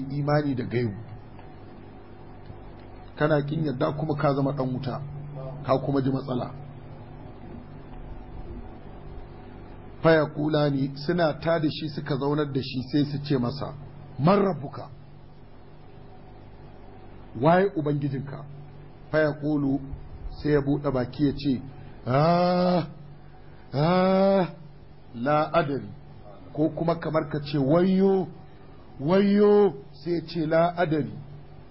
ke imani da gaibu kana kin yadda kuma ka zama dan wuta ka kuma ji matsala faya kulani suna ta da shi suka zaunar da shi sai su ce masa man rabbuka waye ubangijinka faya kulu sai ya buɗe baki ya ce ah, ah, la adari ko kuma kamar ka ce wayo wayo sai ce la adari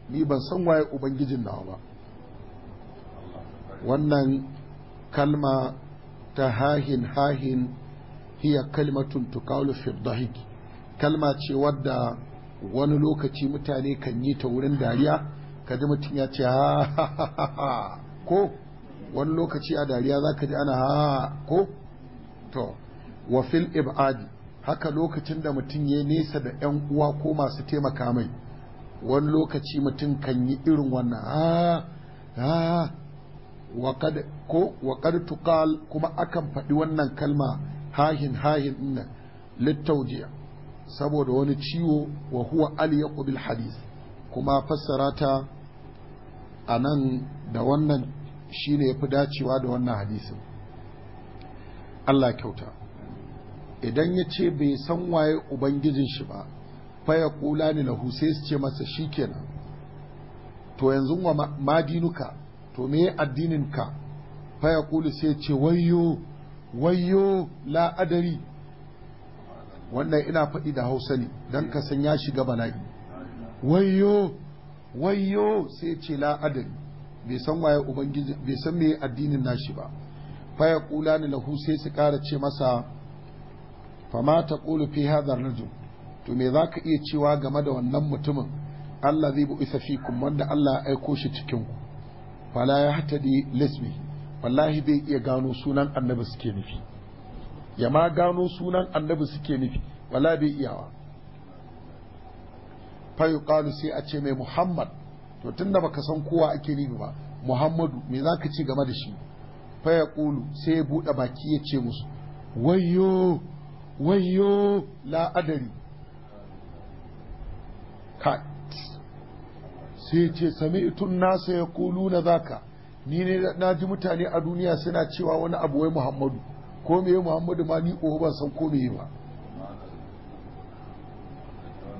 ni ban san waye ubangijin nawa ba wannan kalma ta hahin hahin hiya kalmatun tukalu fi dahik kalma ce wadda wani lokaci mutane kan yi ta wurin dariya kaji mutum ya ce ha ko wani lokaci a dariya za ka ji ana ha ko to wa fil ibadi haka lokacin da mutum ya nesa da 'yan uwa ko masu taimaka mai wani lokaci mutum kan yi irin wannan ha ah, ah, ha ko waƙar tukal kuma akan faɗi wannan kalma hahin hahin ɗinnan littaujiya saboda wani ciwo wa huwa ya bil hadis kuma fassara ta a nan da wannan shine ya fi dacewa da wannan hadisin Allah kyauta idan ya ce bai san waye ubangijin shi ba faya kula ni na sai su ce masa shi kenan to yanzu wa madinuka to me addinin ka faya kulu sai ce wayyo wayyo la adari wannan ina faɗi da hausa ne don ka san ya shiga bala'i wayyo wayyo sai ce la adari bai san waye ubangiji bai san me addinin nashi ba faya kula ni na sai su kara ce masa fama ta ƙulu fi hadar rajul to me za ka iya cewa game da wannan mutumin Allah zai bu'isa fikum wanda Allah ya aiko shi cikin ku fala ya hatadi lismi wallahi bai iya gano sunan annabi suke nufi ya ma gano sunan annabi suke nufi wallahi bai iyawa fa yuqalu sai a ce mai Muhammad to tunda baka san kowa ake nufi ba Muhammadu me za ka ci game da shi fa ya sai ya buɗe baki ya ce musu wayyo wayo la'adari Kat sai ce sami itun nasa ya kulu na zaka ni ne na ji mutane a duniya suna cewa wani abu wai muhammadu ko yi muhammadu ma ni ko ba san ko ba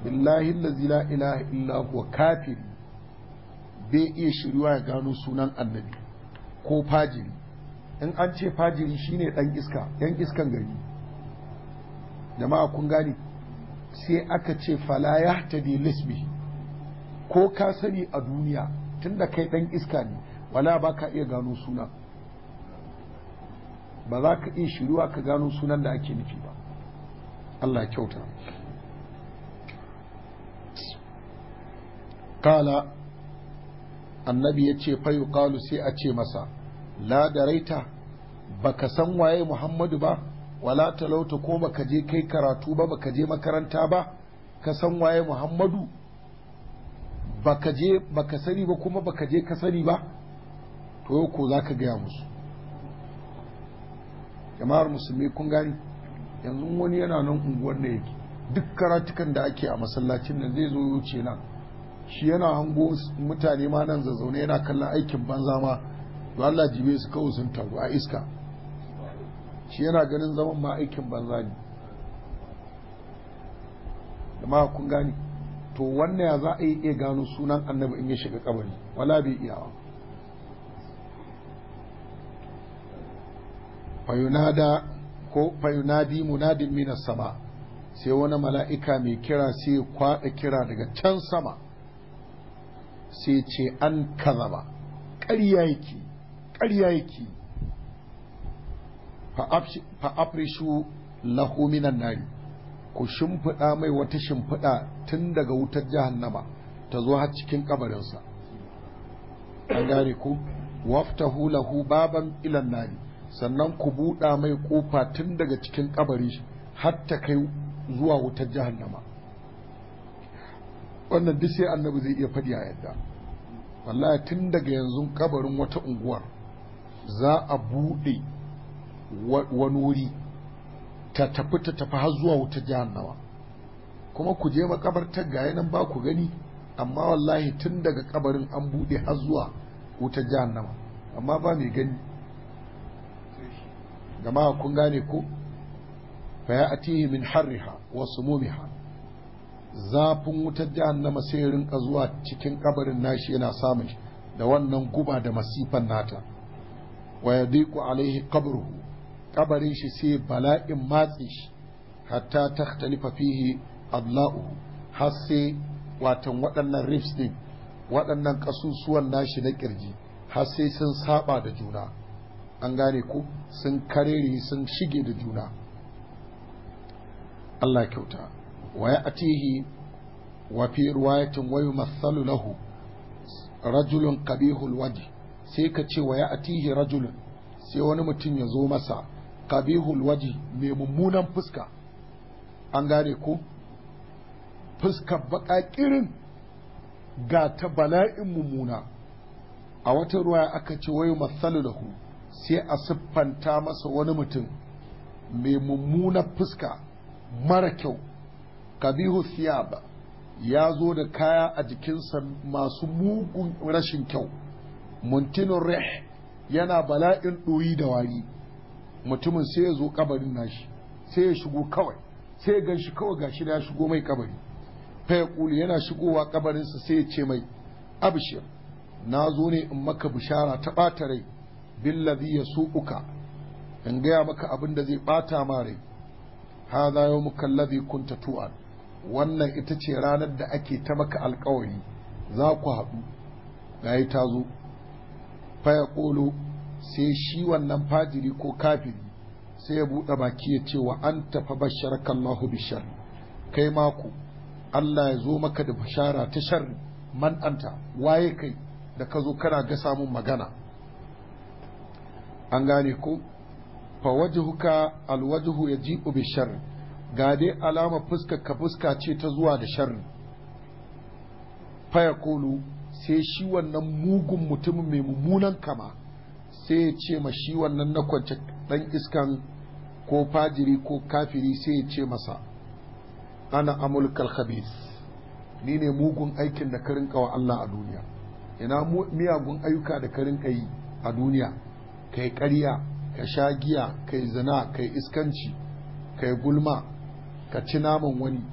billahi allazi la ilaha illa huwa kafiri bai iya shiruwa ya gano sunan annabi ko fajiri in an ce fajiri shine dan iska yan iskan gari jama'a kun gani sai aka ce fala ya di lisbi ko ka sani a duniya tunda kai dan iska ne wala ba ka iya gano suna ba za ka iya shiruwa ka gano sunan da ake nufi ba Allah kyauta kala annabi ya ce fayu kalu sai a ce masa la da raita baka san waye muhammadu ba wala talauta ko baka je kai karatu ba baka je makaranta ba ka san waye muhammadu baka je baka sani ba kuma baka je ka sani ba to ko za ka gaya musu jama'ar musulmi kun gani yanzu wani yana nan unguwar da yake duk karatukan da ake a masallacin nan zai zo wuce nan shi yana hango mutane ma nan zazzaune yana kallon aikin banza ma to Allah jibe su kawo sun taru a iska shi yana ganin zaman ma aikin banza ne da kun gani to wannan ya za a yi iya gano sunan annabi in ya shiga kabari wala bai iyawa fayunada ko fayunadi munadin mina sama sai wani mala'ika mai kira sai kwaɗa kira daga can sama sai ce an kaza ba ƙarya yake ƙarya yake fa afrishu lahu minan nari ku shimfiɗa mai wata shimfiɗa tun daga wutar jahannama ta zo har cikin kabarinsa an gane ku waftahu lahu baban ilan nari sannan ku buɗa mai ƙofa tun daga cikin kabari har ta kai zuwa wutar jahannama wannan duk sai annabi zai iya faɗi a yadda wallahi tun daga yanzu kabarin wata unguwar za a buɗe wani wuri ta tafi ta tafi har zuwa wuta jahannama kuma ku je makabartar ga yanan ba ku gani amma wallahi tun daga kabarin an bude har zuwa wutar jahannama amma ba mai gani gama kun gane ko fa ya atihi min harriha wa sumumiha zafin wutar jahannama sai rinka zuwa cikin kabarin nashi yana samun da wannan guba da masifan nata wa ku alaihi qabruhu kabarin shi sai bala'in matsi shi hatta takhtalifa fihi adla'u har sai watan waɗannan rifs din waɗannan ƙasusuwan nashi na ƙirji har sai sun saba da juna an gane ku sun kareri sun shige da juna Allah kyauta wa ya atihi wa fi ruwayatin wa yumathalu lahu rajulun qabihul waji sai ka ce wa ya atihi rajulun sai wani mutum ya zo masa qabihul waji mai mummunan fuska an gane ko fuskar baka kirin ga ta bala'in mummuna a wata ruwa aka ce wai matsalu ku sai a siffanta masa wani mutum mai mummunan fuska mara kyau kabihu siyaba ya zo da kaya a jikinsa masu mugun rashin kyau muntinun rih yana bala'in ɗoyi da wari mutumin sai ya zo kabarin nashi sai ya shigo kawai sai ya ganshi kawai gashi da ya shigo mai kabari fa ya kuli yana shigowa ƙabarinsa sai ya ce mai abshir na zo ne in maka bishara ta bata rai billazi ya suƙuka in gaya maka abin da zai ɓata ma rai hadha yawmuka allazi kunta tu'ad wannan ita ce ranar da ake ta maka alƙawari za ku haɗu ga ta zo fa ya sai shi wannan fajiri ko kafiri sai ya buɗe baki ya ce wa an tafa bashar kallahu bishar kai mako Allah ya zo maka da bashara ta shar man ta, waye kai da ka zo kana ga samun magana an gane ko fa wajhuka alwajhu yaji'u bi sharri ga dai alama fuska ka fuska ce ta zuwa da shar fa yaqulu sai shi wannan mugun mutumin mai mummunan kama sai ya ce ma shi wannan na kwance dan iskan ko fajiri ko kafiri sai ya ce masa ana amulkal khabith ni ne mugun aikin da ka wa Allah a duniya ina miyagun ayyuka da ka rinka yi a duniya kai ƙarya ka sha giya kai zina kai iskanci kai gulma ka ci naman wani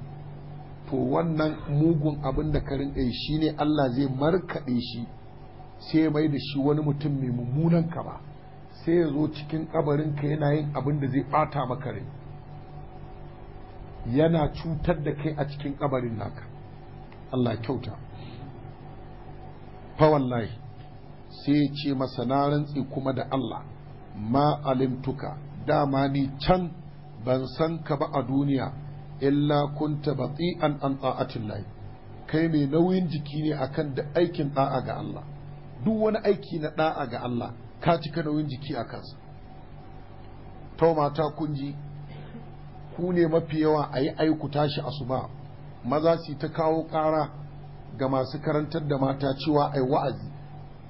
to wannan mugun abin da ka rinka yi ne Allah zai markaɗe shi sai mai da shi wani mutum mai mummunan ka ba sai ya zo cikin kabarin ka yana yin abin da zai bata maka rai yana cutar da kai a cikin kabarin naka Allah kyauta fa wallahi sai ya ce masa na rantsi kuma da Allah ma alimtuka dama ni can ban san ka ba a duniya illa kunta bati'an an ta'atillahi kai mai nauyin jiki ne akan da aikin da'a ga Allah duk wani aiki na da'a ga Allah ka cika nauyin jiki a kansa ta mata kun ji ku ne mafi yawa a yi aiku tashi asuba maza su ta kawo ƙara ga masu karantar da mata cewa ai wa'azi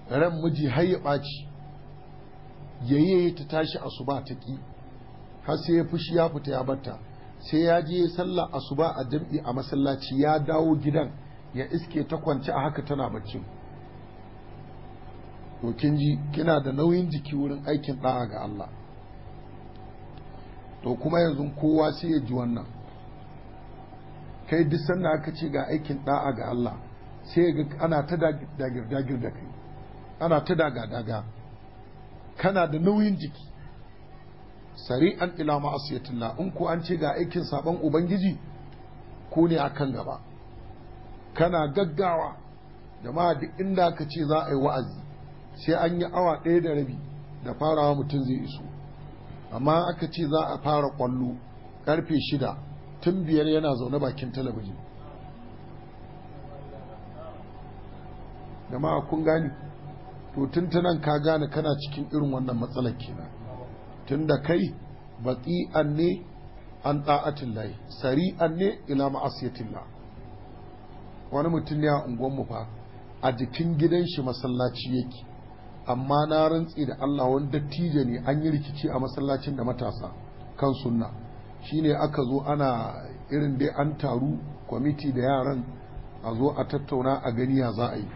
ran miji har ya ɓaci yayi ta tashi asuba ta ki har sai ya fushi ya fita ya bata. sai ya je sallah asuba a jam'i a masallaci ya dawo gidan ya iske ta kwance a haka tana baccin to kin ji kina da nauyin jiki wurin aikin da'a ga Allah to kuma yanzu kowa sai ya ji wannan kai duk sannan aka ce ga aikin da'a ga Allah sai ga ana ta dagir dagir da kai ana ta daga daga kana da nauyin jiki Sari an ila ma'asiyatullah in ko an ce ga aikin saban ubangiji ko ne akan gaba kana gaggawa jama'a duk inda ka ce za a yi wa'azi sai an yi awa ɗaya da rabi da farawa mutum zai iso amma aka ce za a fara kwallo karfe shida tun biyar yana zaune bakin talabijin a kun gani to tun ta ka gane kana cikin irin wannan matsalar kenan tun da kai an ne an ɗa'atin layi sari'an ne ila ma'asiyatin la wani mutum ne a unguwanmu fa a jikin gidan shi masallaci yake amma na rantsi da Allah wani dattijo ne an yi rikici a masallacin da matasa kan sunna shine aka zo ana irin dai an taru kwamiti da yaran a zo a tattauna a gani ya za a yi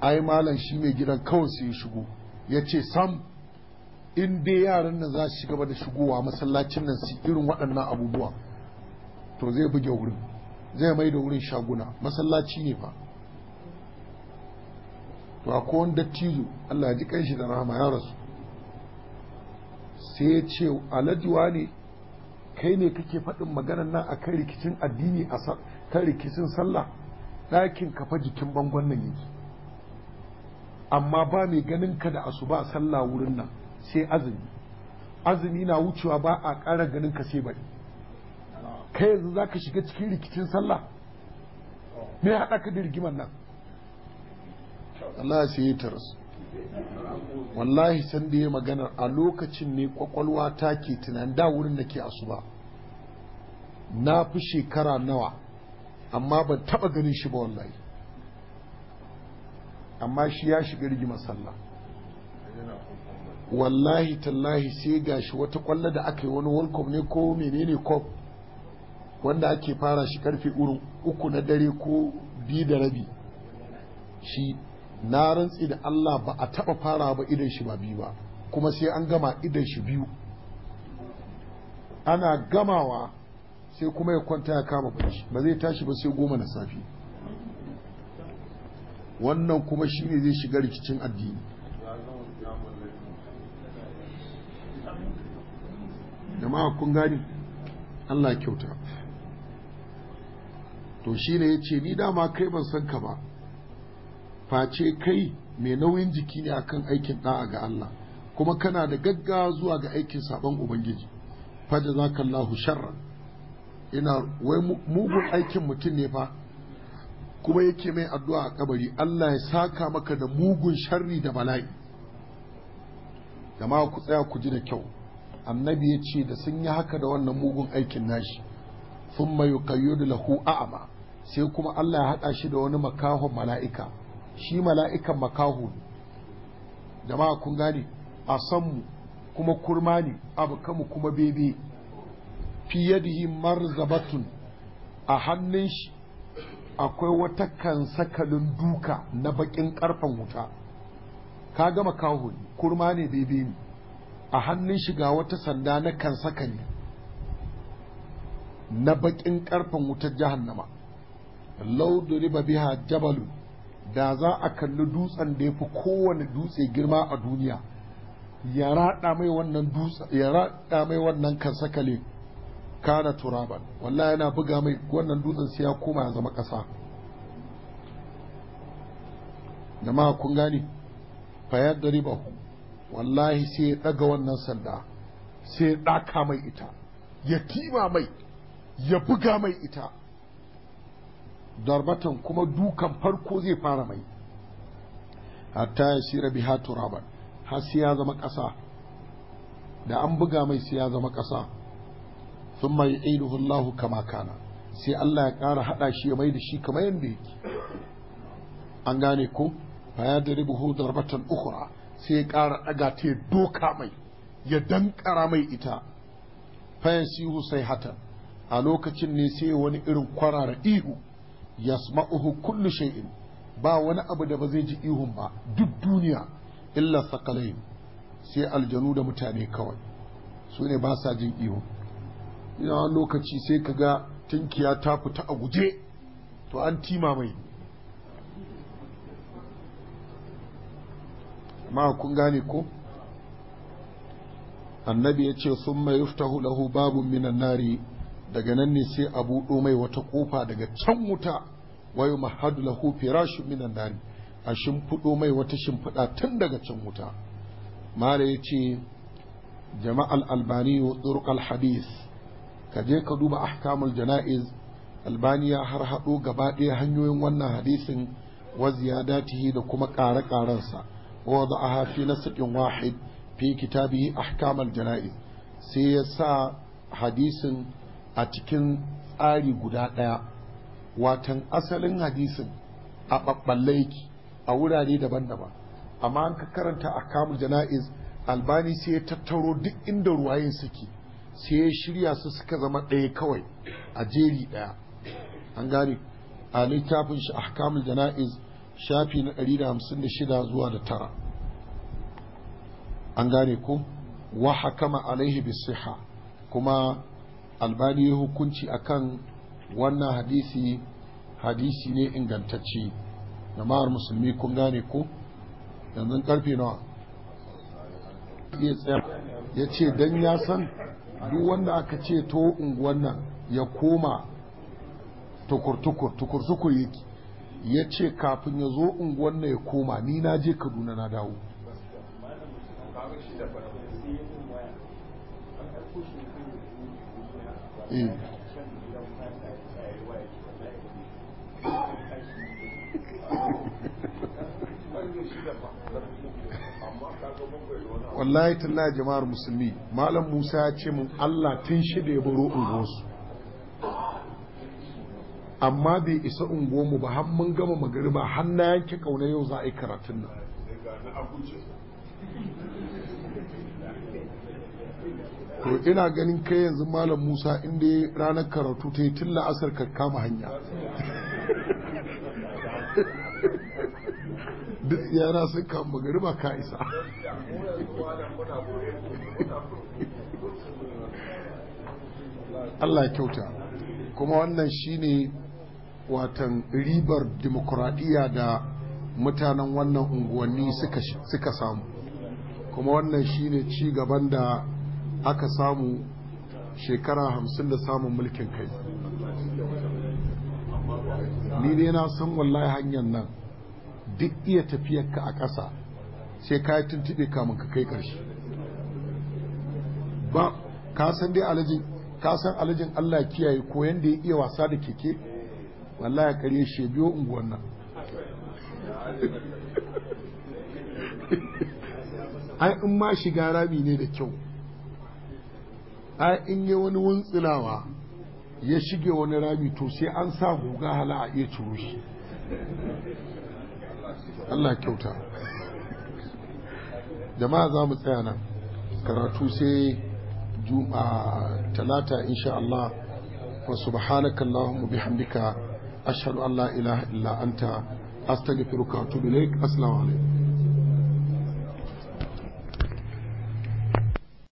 ai malam shi mai gidan kawai sai ya shigo ya ce sam in dai yaran nan za su gaba da shigowa masallacin nan su irin waɗannan abubuwa to zai buge wurin zai mai da wurin shaguna masallaci ne fa to ko wani dattijo Allah ya ji kanshi da rahama ya rasu sai ya ce alajuwa ne kai ne kake faɗin maganar nan a kan rikicin addini a kan rikicin sallah ɗakin kafa jikin bangon nan yake amma ba mai ganin ka da asuba sallah wurin nan sai azumi azumi na wucewa ba a ƙara ganin ka sai bari kai yanzu za ka shiga cikin rikicin sallah me haɗa ka da rigimar nan Allah sai yi wallahi san da ya magana a lokacin ne kwakwalwa ta ke tunan da wurin da ke asuba na fi shekara nawa amma ban taba ganin shi ba wallahi amma shi ya shiga rigi sallah wallahi tallahi sai gashi wata kwallo da aka yi wani world ne ko menene cup wanda ake fara shi karfe uku na dare ko biyu da rabi shi na rantsi da Allah ba a taba fara ba idan shi ba biyu ba kuma sai an gama idan shi biyu ana gamawa sai kuma ya kwanta ya kama bacci ba zai tashi ba sai goma na safe wannan kuma shi ne zai shiga rikicin addini jama'a kun gani Allah kyauta to shi ne ya ce ni dama kai ban san ka ba face kai mai nauyin jiki ne akan aikin da'a ga Allah kuma kana da gaggawa zuwa ga aikin saban ubangiji fa Lahu sharran ina wai mugun aikin mutum ne fa kuma yake mai addu'a a kabari Allah ya saka maka da mugun sharri da bala'i jama'a ku tsaya ku ji da kyau annabi ya ce da sun yi haka da wannan mugun aikin nashi sun mai yuqayyidu lahu a'ama sai kuma Allah ya haɗa shi da wani makahon mala'ika shi mala'ikan makaho ne jama'a kun gane a sanmu kuma kurma ne abu kama kuma bebe fiye da marzabatun a hannun shi akwai wata kansakalin duka na bakin karfan wuta ka gama kaho kurma ne bebe ne a hannun shi ga wata sanda na kansakali na bakin karfan wutar jahannama Laudu riba biha jabalu. da za a kalli dutsen da ya fi kowane dutse girma a duniya ya raɗa mai wannan kansakale kana turaban wallah yana buga mai wannan dutsen sai ya koma ya zama ƙasa ma kun gane fayar da ribahu wallahi sai ya ɗaga wannan sanda sai ya ɗaka mai ita ya kima mai ya buga mai ita darbatan kuma dukan farko zai fara mai hatta ya shira biha turaban har sai ya zama ƙasa da an buga mai sai ya zama ƙasa sun mai aiduhu Allah kama kana sai Allah ya ƙara haɗa shi ya mai da shi kamar yadda yake an gane ko fa ya daribuhu darbatan ukhra sai ya ƙara ɗaga ta ya doka mai ya dankara mai ita fa sihu sai hatan a lokacin ne sai wani irin kwarara ihu yasma'uhu kullu shay'in ba wani abu da ba zai ji ihun ba duk duniya illa sakalain sai aljanu da mutane kawai su ne ba sa jin ihu ina lokaci sai ka ga tunkiya ta fita a guje to an tima mai ma kun gane ko annabi ya ce sun mai lahu babun minan nari daga nan ne sai a buɗo mai wata ƙofa daga can wuta Wai mahadu lahu firashu minan nari a shimfiɗo mai wata shimfiɗa tun daga can wuta Mara ya ce jama'al albani turqal hadis ka je ka duba ahkamul jana'iz albaniya har haɗo gaba ɗaya hanyoyin wannan hadisin wa ziyadatihi da kuma ƙare-ƙarensa wa hafi fi nasqin wahid fi kitabihi ahkamul jana'iz sai ya sa hadisin a cikin tsari guda ɗaya watan asalin hadisin a ɓaɓɓalle yake a wurare daban-daban amma an ka karanta a kamun jana'iz albani sai ya tattaro duk inda ruwayen suke sai ya shirya su suka zama ɗaya kawai a jeri ɗaya an gane a littafin shi a kamun jana'iz shafi na 156 zuwa da tara an gane ko wa hakama alaihi bisiha kuma albani ya hukunci akan wannan hadisi hadisi ne ingantacce jama'ar musulmi kun gane ko yanzu karfe nawa ya ce don ya san duk wanda aka ce to unguwan nan ya koma tukur-tukur tukur-tukur ya ce kafin ya zo unguwan nan ya koma ni na je kaduna na dawo wallahi tallahi jama'ar musulmi malam musa ya ce mun allah tun shida ya baro unguwarsu amma bai isa unguwarmu ba har mun gama magariba har na yanke kauna yau za a yi karatun nan to ina ganin kai yanzu malam musa inda ranar karatu ta yi tun la'asar ka kama hanya duk yara sun kama ba ka isa Allah kyauta kuma wannan shine watan ribar dimokuraɗiyya da mutanen wannan unguwanni suka samu kuma wannan shine ci gaban da aka samu shekara hamsin da samun mulkin kai ni dai na san wallahi hanyar nan duk iya tafiyarka a ƙasa sai ka yi tuntuɓe kamun ka kai ƙarshe ba ka san dai alajin ka san alajin Allah kiyaye ko yanda ya iya wasa da keke wallahi kare shi biyo unguwan nan ai in ma shiga rami ne da kyau har in yi wani wuntsinawa ya shige wani rami to sai an sa guga hala a iya turu shi Allah kyauta jama'a za mu tsaya nan karatu sai juma'a talata insha Allah wa subhanaka Allahumma bihamdika ashhadu an la ilaha illa anta astaghfiruka wa atubu ilaik assalamu alaikum